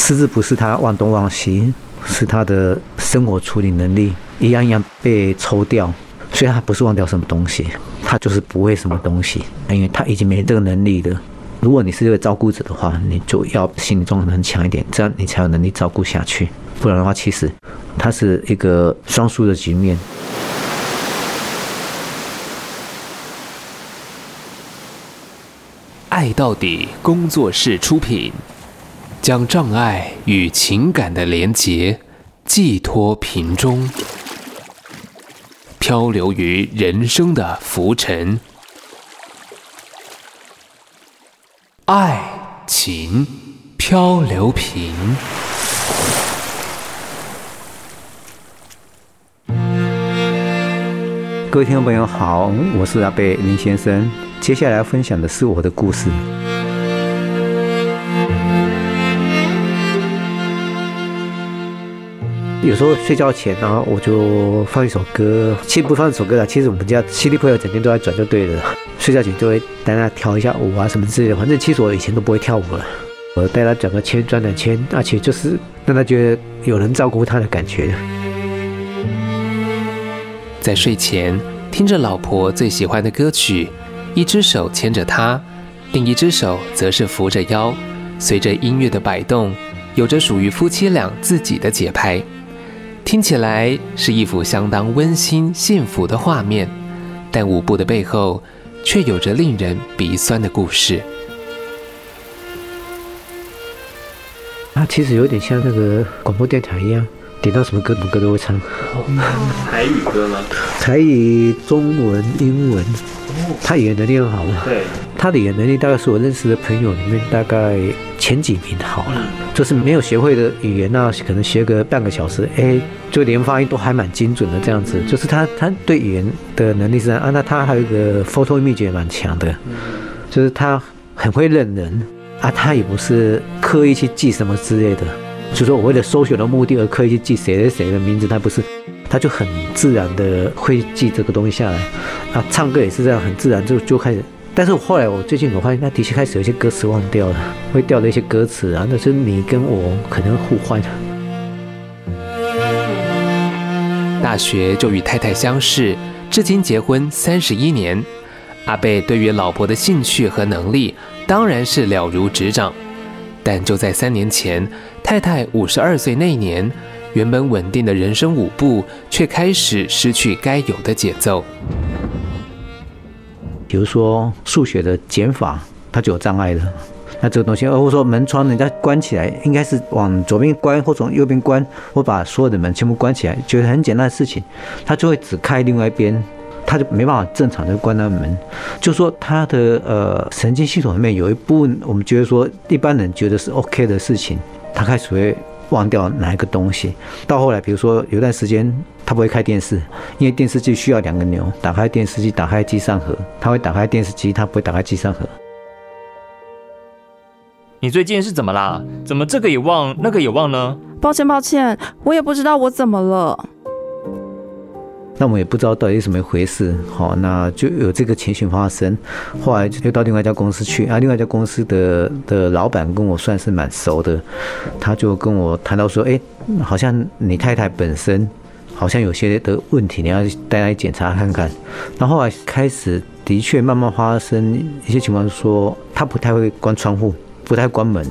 是不是他忘東忘西，是他的生活處理能力一樣一樣被抽掉。所以他不是忘掉什麼東西，他就是不會什麼東西，因為他已經沒這個能力了。如果你是一個照顧者的話，你就要心理狀態很強一點，這樣你才有能力照顧下去。不然的話，其實他是一個雙輸的局面。愛到底工作室出品。將障礙與情感的連結寄託瓶中，漂流於人生的浮沉。礙情漂流瓶。各位聽眾朋友好，我是阿貝林先生，接下來分享的是我的故事。有時候睡覺前啊，然後我就放一首歌。其實不放一首歌了，其實我們家親戚朋友整天都在轉，就對了。睡覺前就會帶她跳一下舞啊什麼之類的。反正其實我以前都不會跳舞了，我帶她轉個圈，轉兩圈，而且就是讓她覺得有人照顧她的感覺。在睡前聽着老婆最喜歡的歌曲，一隻手牽着她，另一隻手則是扶着腰，隨着音樂的擺動，有着屬於夫妻倆自己的節拍。聽起來是一幅相當溫馨幸福的畫面，但舞步的背後卻有着令人鼻酸的故事。它、啊、其實有點像那個廣播電台一樣，點到什麼歌什麼歌都會唱。Oh. 台語歌嗎？台語、中文、英文。哦、oh.，他也能練好嗎？對。他的語言能力大概是我認識的朋友裡面大概前幾名好了。就是沒有學會的語言，啊，那可能學個半個小時，哎、欸，就連發音都還蠻精準的這樣子。就是他他對語言的能力是啊，那他還有一個 photo 祕訣也蠻強的，就是他很會認人啊，他也不是刻意去記什麼之類的。就是說我為了搜尋的目的而刻意去記誰誰誰的名字，他不是，他就很自然的會記這個東西下來。啊，唱歌也是這樣，很自然就就開始。但是我後來，我最近我發現，他的確開始有一些歌詞忘掉了，會掉了一些歌詞啊。那是你跟我可能互換的。大學就與太太相識，至今結婚三十一年，阿貝對於老婆的興趣和能力當然是了如指掌。但就在三年前，太太五十二歲那年，原本穩定的人生舞步卻開始失去該有的節奏。比如說數學的減法，它就有障礙了。那這個東西，或者說門窗，人家關起來，應該是往左邊關或從右邊關。或把所有的門全部關起來，覺得很簡單的事情，他就會只開另外一邊，他就沒辦法正常的關那個門。就是說他的呃神經系統裡面有一部分，我們覺得說一般人覺得是 OK 的事情，他開始會忘掉哪一個東西。到後來，比如說有一段時間。他不會開電視，因為電視機需要兩個鈕，打開電視機，打開機上盒。他會打開電視機，他不會打開機上盒。你最近是怎麼啦？怎麼這個也忘，那個也忘呢？抱歉，抱歉，我也不知道我怎麼了。那我們也不知道到底是什麼一回事。好，那就有這個情形發生。後來又到另外一家公司去啊，另外一家公司的的老闆跟我算是蠻熟的，他就跟我談到說：“誒，好像你太太本身……”好像有些的問題，你要帶他去檢查看看。然後後來開始，的確慢慢發生一些情況說，說他不太會關窗戶，不太關門。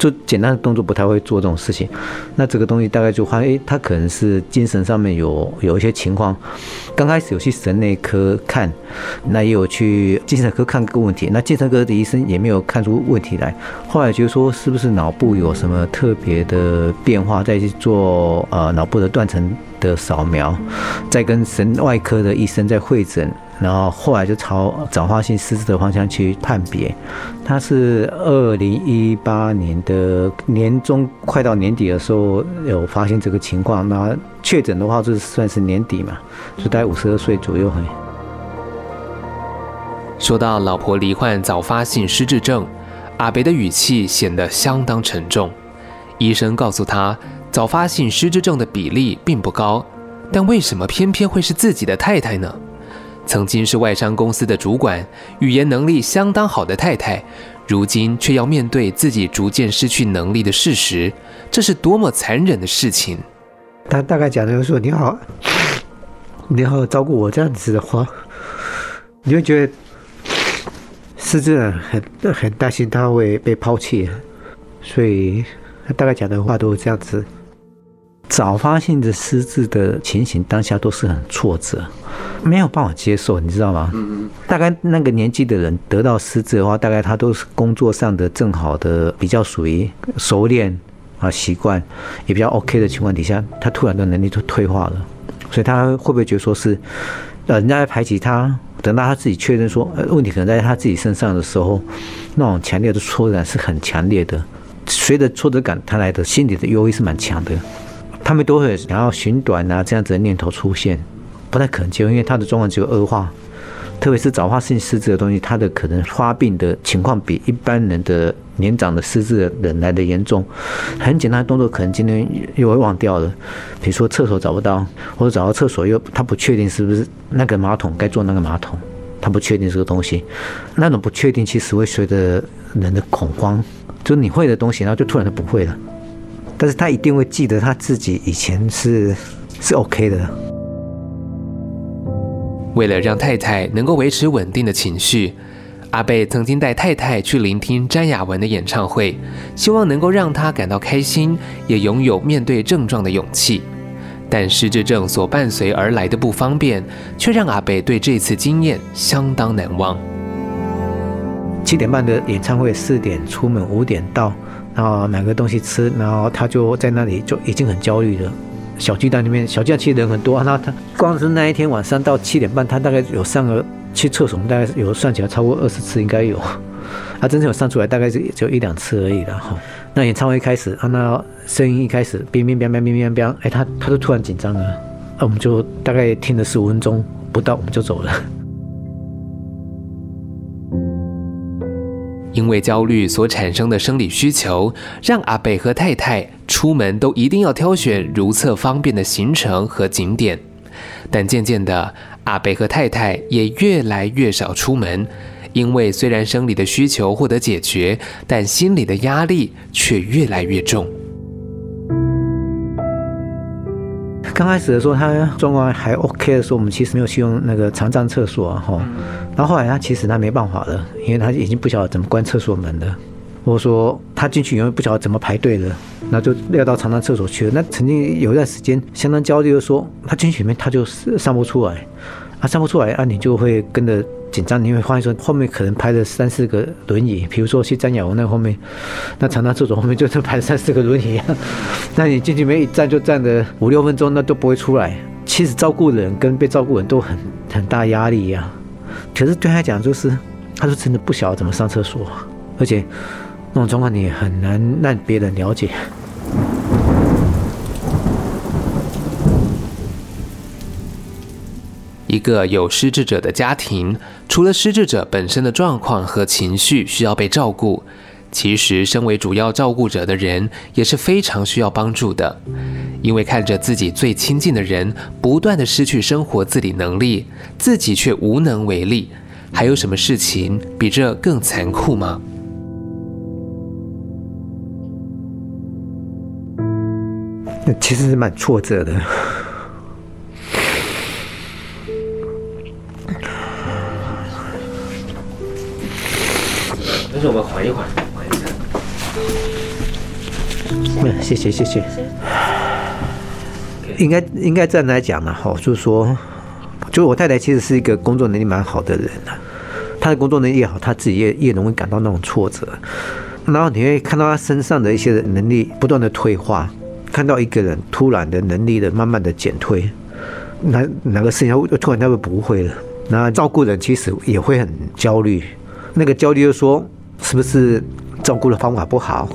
做簡單的動作不太會做這種事情，那這個東西大概就發現，誒，他可能是精神上面有有一些情況。剛開始有去神內科看，那也有去精神科看個問題。那精神科的醫生也沒有看出問題來。後來覺得說，是不是腦部有什麼特別的變化，再去做呃腦部的斷層的掃描，再跟神外科的醫生再會診。然後後來就朝早發性失智的方向去判別，他是二零一八年的年中，快到年底的時候有發現這個情況，那確診的話就算是年底嘛，就大概五十二歲左右。說到老婆罹患早發性失智症，阿北的語氣顯得相當沉重。醫生告訴他，早發性失智症的比例並不高，但為什麼偏偏會是自己的太太呢？曾經是外商公司的主管，語言能力相當好的太太，如今卻要面對自己逐漸失去能力的事實，這是多麼殘忍的事情！他大概講的就說：“你好，你好，照顧我這樣子的話，你會覺得失智很很擔心他會被拋棄，所以他大概講的話都是這樣子。”早發性的失智的情形，當下都是很挫折，沒有辦法接受，你知道嗎？大概那個年紀的人得到失智的話，大概他都是工作上的正好的比較屬於熟練啊、習慣，也比較 OK 的情況底下，他突然的能力就退化了，所以他會不會覺得說是、呃、人家在排擠他？等到他自己確認說問題可能在他自己身上的時候，那種強烈的挫折感是很強烈的，隨着挫折感他來的心理的憂鬱是蠻強的。他們都會想要尋短啊，這樣子的念頭出現，不太可能就因為他的狀況只有惡化。特別是早發性失智的東西，他的可能發病的情況比一般人的年長的失智的人來的嚴重。很簡單的動作，可能今天又會忘掉了，比如說廁所找不到，或者找到廁所又他不確定是不是那個馬桶該坐那個馬桶，他不確定這個東西。那種不確定，其實會隨着人的恐慌，就是你會的東西，然後就突然就不會了。但是他一定會記得他自己以前是是 OK 的。為了讓太太能夠維持穩定的情緒，阿貝曾經帶太太去聆聽詹雅雯的演唱會，希望能夠讓她感到開心，也擁有面對症狀的勇氣。但失智症所伴隨而來的不方便，卻讓阿貝對這次經驗相當難忘。七點半的演唱會，四點出門，五點到。然後買個東西吃，然後他就在那裡就已經很焦慮了。小巨蛋裡面，小巨蛋其實人很多，那、啊、他光是那一天晚上到七點半，他大概有上個去廁所，我們大概有算起來超過二十次應該有。他、啊、真正有上出來，大概是就一兩次而已了哈、哦。那演唱會一開始，啊，那聲音一開始，biang biang biang biang biang biang 哎，他他都突然緊張了，啊，我們就大概聽了十五分鐘不到，我們就走了。因為焦慮所產生的生理需求，讓阿貝和太太出門都一定要挑選如廁方便的行程和景點。但漸漸的，阿貝和太太也越來越少出門，因為雖然生理的需求獲得解決，但心理的壓力卻越來越重。剛開始的時候，他狀況還 OK 的時候，我們其實沒有去用那個殘障廁所啊，哈。然後後來他其實他沒辦法了，因為他已經不曉得怎麼關廁所門了，或者說他進去以後不曉得怎麼排隊了，那就撂到殘障廁所去了。那曾經有一段時間相當焦慮的說，他進去裡面他就上不出來，他上不出來啊你就會跟着。緊張，你會發現說，後面可能排了三四個輪椅，比如說去張亞文那後面，那長達廁所後面就是排了三四個輪椅啊，那你進去沒一站就站的五六分鐘，那都不會出來。其實照顧人跟被照顧人都很很大壓力一樣，可是對他講就是，他就真的不曉得怎麼上廁所，而且那種狀況你也很難讓別人了解。一個有失智者的家庭，除了失智者本身的狀況和情緒需要被照顧，其實身為主要照顧者的人也是非常需要幫助的。因為看着自己最親近的人不斷的失去生活自理能力，自己卻無能為力，還有什麼事情比這更殘酷嗎？那其實是蠻挫折的。 我們緩一緩，緩一下。嗯，謝謝謝謝，謝謝。應該應該這樣來講呢，哈，就是說，就我太太其實是一個工作能力蠻好的人，啊，她的工作能力也好，她自己也越容易感到那種挫折。然後你會看到她身上的一些能力不斷的退化，看到一個人突然的能力的慢慢的減退，哪哪個事情會突然他會不會了，那照顧人其實也會很焦慮，那個焦慮就是說，是不是照顧的方法不好？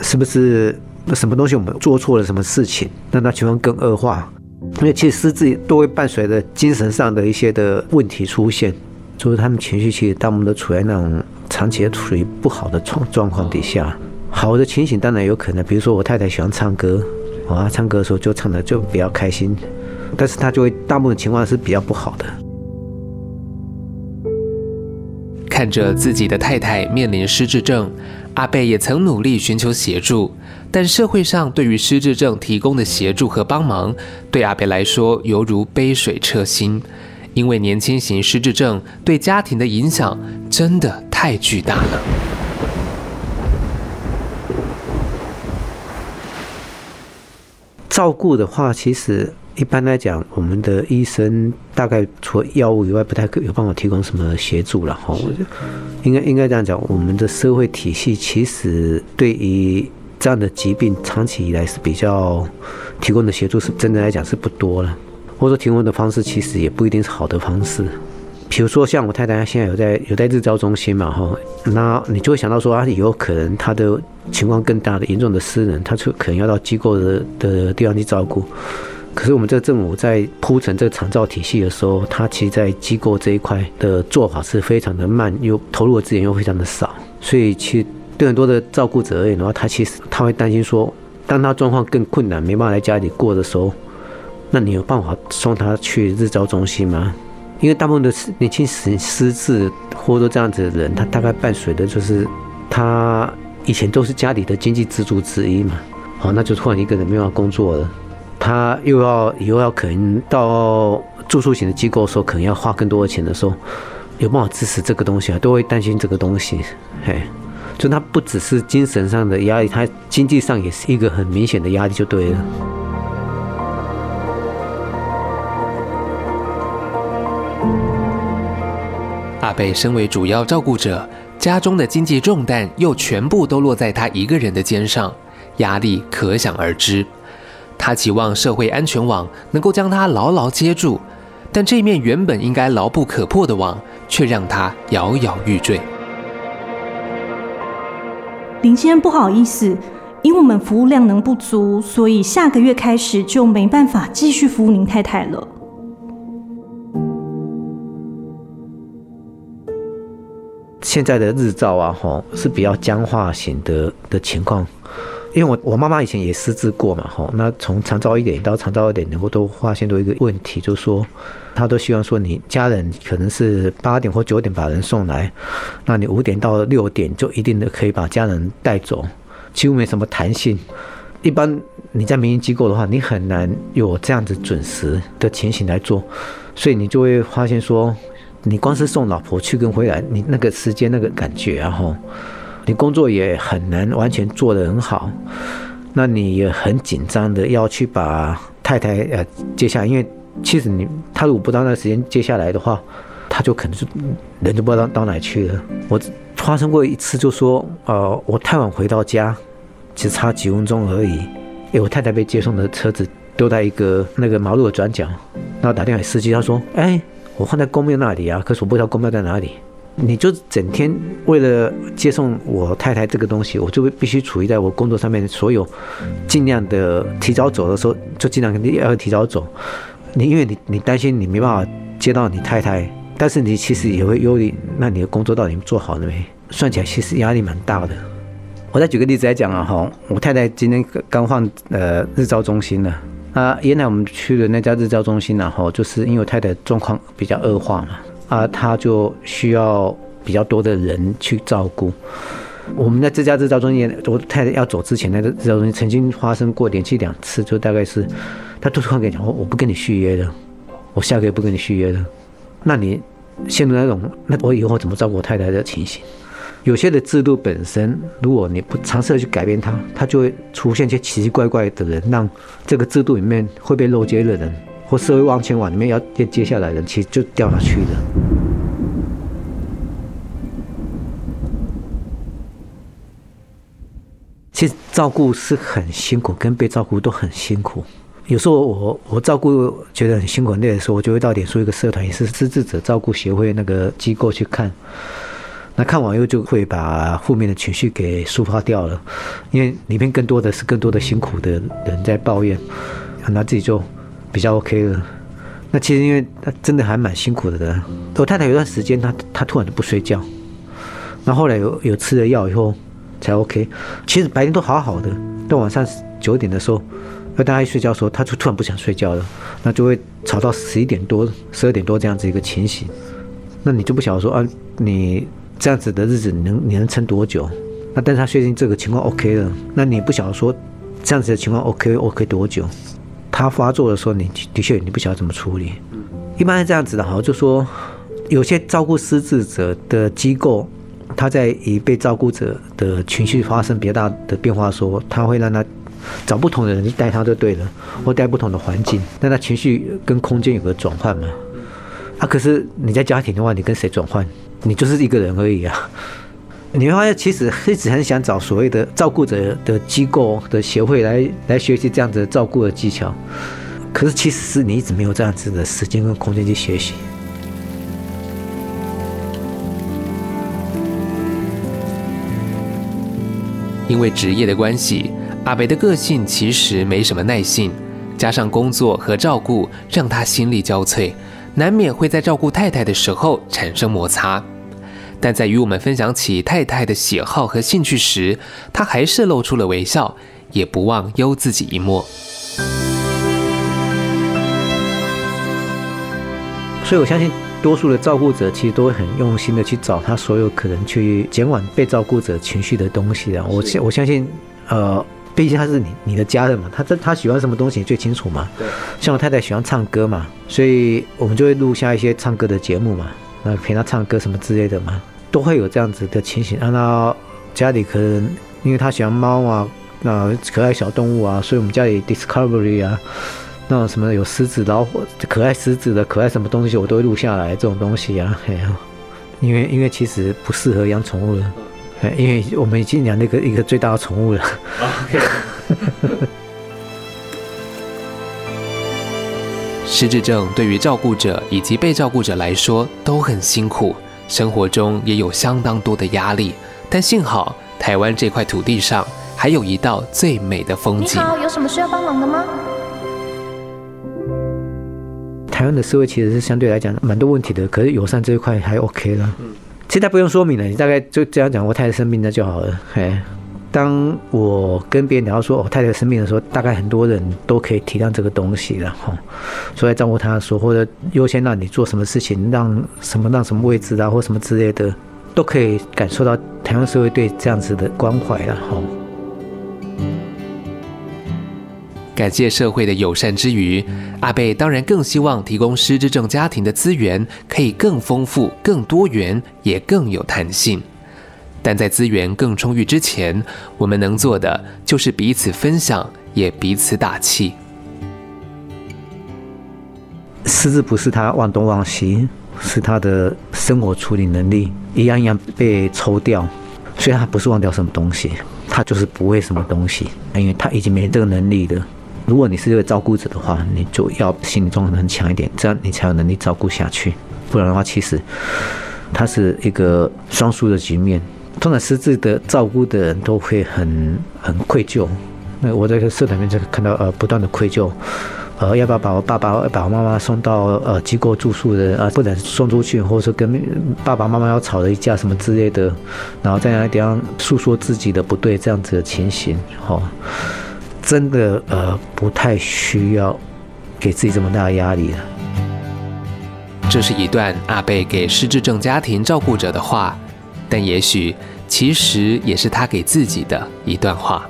是不是什麼東西我們做錯了什麼事情，讓他情況更惡化？因為其實失智都會伴隨着精神上的一些的問題出現。就是他們情緒其實大部分都處在那種長期處於不好的狀狀況底下。好的情形當然有可能，比如說我太太喜歡唱歌，啊，唱歌的時候就唱得就比較開心，但是她就會大部分情況是比較不好的。看着自己的太太面臨失智症，阿貝也曾努力尋求協助，但社會上對於失智症提供的協助和幫忙，對阿貝來說猶如杯水車薪，因為年輕型失智症對家庭的影響真的太巨大了。照顧的話，其實。一般來講，我們的醫生大概除了藥物以外，不太有辦法提供什麼協助了哈。我覺得應該應該這樣講，我們的社會體系其實對於這樣的疾病，長期以來是比較提供的協助是真的來講是不多了。或者提供的方式其實也不一定是好的方式。比如說像我太太現在有在有在日照中心嘛哈，那你就會想到說啊，以後可能他的情況更大的嚴重的失能，他就可能要到機構的的地方去照顧。可是我們這個政府在鋪陳這個長照體系的時候，他其實在機構這一塊的做法是非常的慢，又投入的資源又非常的少，所以其實對很多的照顧者而言的話，他其實他會擔心說，當他狀況更困難、沒辦法來家裡過的時候，那你有辦法送他去日照中心嗎？因為大部分的年輕失智，或者說這樣子的人，他大概伴隨的就是他以前都是家裡的經濟支柱之一嘛，好，那就突然一個人沒辦法工作了。他又要以後要可能到住宿型的機構的，說可能要花更多的錢的時候，有辦法支持這個東西啊，都會擔心這個東西。嘿、hey，就他不只是精神上的壓力，他經濟上也是一個很明顯的壓力，就對了。阿北身為主要照顧者，家中的經濟重擔又全部都落在他一個人的肩上，壓力可想而知。他期望社會安全網能夠將他牢牢接住，但這一面原本應該牢不可破的網，卻讓他搖搖欲墜。林先生，不好意思，因為我們服務量能不足，所以下個月開始就沒辦法繼續服務您太太了。現在的日照啊，吼，是比較僵化型的，的情況。因為我我媽媽以前也失智過嘛，哈，那從長照一點到長照一點，能夠都發現到一個問題，就是說，她都希望說你家人可能是八點或九點把人送來，那你五點到六點就一定的可以把家人帶走，幾乎沒什麼彈性。一般你在民營機構的話，你很難有這樣子準時的情形來做，所以你就會發現說，你光是送老婆去跟回來，你那個時間那個感覺、啊，然後。你工作也很難完全做得很好，那你也很緊張的要去把太太呃接下來，因為其實你他如果不到那個時間接下來的話，他就可能是人就不知道到，到哪去了。我發生過一次，就說呃我太晚回到家，只差幾分鐘而已，哎我太太被接送的車子丟在一個那個馬路的轉角，然後打電話給司機，他說哎我放在公廟那裡啊，可是我不知道公廟在哪裡。你就整天為了接送我太太這個東西，我就會必須處於在我工作上面的所有盡量的提早走的時候，就盡量肯定要提早走。你因為你你擔心你沒辦法接到你太太，但是你其實也會憂慮，那你的工作到底做好了沒？算起來其實壓力蠻大的。我再舉個例子來講啊，哈，我太太今天剛換呃日照中心了啊，原來我們去的那家日照中心，然後就是因為我太太狀況比較惡化嘛。啊，他就需要比較多的人去照顧。我們在這家日照中心，我太太要走之前，那個日照中心曾經發生過連續兩次，就大概是他突然跟你講：“我我不跟你續約了，我下個月不跟你續約了。”那你陷入那種，那我以後我怎麼照顧我太太的情形？有些的制度本身，如果你不嘗試的去改變它，它就會出現一些奇奇怪怪的人，讓這個制度裡面會被漏接的人。或是會忘千網裡面要接接下來人，其實就掉下去的。其實照顧是很辛苦，跟被照顧都很辛苦。有時候我我照顧覺得很辛苦，那的時候我就會到臉書一個社團，也是失智者照顧協會那個機構去看。那看完又就會把負面的情緒給抒發掉了，因為裡面更多的是更多的辛苦的人在抱怨，很難自己做。比較 OK 的，那其實因為他真的還蠻辛苦的的、啊。我太太有段時間，她她突然就不睡覺，那後，後來有有吃了藥以後才 OK。其實白天都好好的，到晚上九點的時候，那大家一睡覺的時候，她就突然不想睡覺了，那就會吵到十一點多、十二點多這樣子一個情形。那你就不曉得說啊，你這樣子的日子你，你能你能撐多久？那但是她最近這個情況 OK 了，那你不曉得說這樣子的情況 OK OK 多久？他發作的時候，你的確你不曉得怎麼處理。一般是這樣子的哈，好就說有些照顧失智者的機構，他在以被照顧者的情緒發生比較大的變化說，說他會讓他找不同的人去帶他就對了，或帶不同的環境，讓他情緒跟空間有個轉換嘛。啊，可是你在家庭的話，你跟誰轉換？你就是一個人而已啊。你會發現，其實一直很想找所謂的照顧者的機構的協會來來學習這樣子照顧的技巧，可是其實是你一直沒有這樣子的時間跟空間去學習。因為職業的關係，阿北的個性其實沒什麼耐性，加上工作和照顧讓他心力交瘁，難免會在照顧太太的時候產生摩擦。但在與我們分享起太太的喜好和興趣時，他還是露出了微笑，也不忘幽自己一默。所以，我相信多數的照顧者其實都會很用心的去找他所有可能去減緩被照顧者情緒的東西的是我我相信，呃，畢竟他是你你的家人嘛，他他喜歡什麼東西最清楚嘛。對像我太太喜歡唱歌嘛，所以我們就會錄下一些唱歌的節目嘛，那陪他唱歌什麼之類的嘛。都會有這樣子的情形、啊，那家裡可能因為他喜歡貓啊，那可愛小動物啊，所以我們家裡 Discovery 啊，那什麼有獅子、老虎、可愛獅子的、可愛什麼東西，我都會錄下來這種東西啊。因為因為其實不適合養寵物的，因為我們已經養那個一個最大的寵物了。失智 Okay. 症對於照顧者以及被照顧者來說都很辛苦。生活中也有相當多的壓力，但幸好台灣這塊土地上還有一道最美的風景。你好，有什麼需要幫忙的嗎？台灣的思維其實是相對來講蠻多問題的，可是友善這一塊還 OK 了。其他不用說明了，你大概就這樣講，我太太生病那就好了。嘿。當我跟別人聊說，哦，太太生病的時候，大概很多人都可以體諒這個東西了哈、哦，所以在照顧她的時候，或者優先讓你做什麼事情，讓什麼讓什麼位置啊，或什麼之類的，都可以感受到台灣社會對這樣子的關懷了哈。哦、感謝社會的友善之餘，阿貝當然更希望提供失智症家庭的資源可以更豐富、更多元，也更有彈性。但在資源更充裕之前，我們能做的就是彼此分享，也彼此打氣。失智不是他忘東忘西，是他的生活處理能力一樣一樣被抽掉。所以他不是忘掉什麼東西，他就是不會什麼東西，因為他已經沒這個能力了。如果你是一個照顧者的話，你就要心理狀態很強一點，這樣你才有能力照顧下去。不然的話，其實它是一個雙輸的局面。通常失智的照顧的人都會很很愧疚，那我在這個社團裡面就看到呃不斷的愧疚。呃要不要把我爸爸把我媽媽送到呃機構住宿的啊、呃、不能送出去，或者說跟爸爸媽媽要吵了一架什麼之類的，然後在那地方訴說自己的不對，這樣子的情形，哦，真的呃不太需要給自己這麼大的壓力了。這是一段阿伯給失智症家庭照顧者的話，但也許。其實也是他給自己的一段話。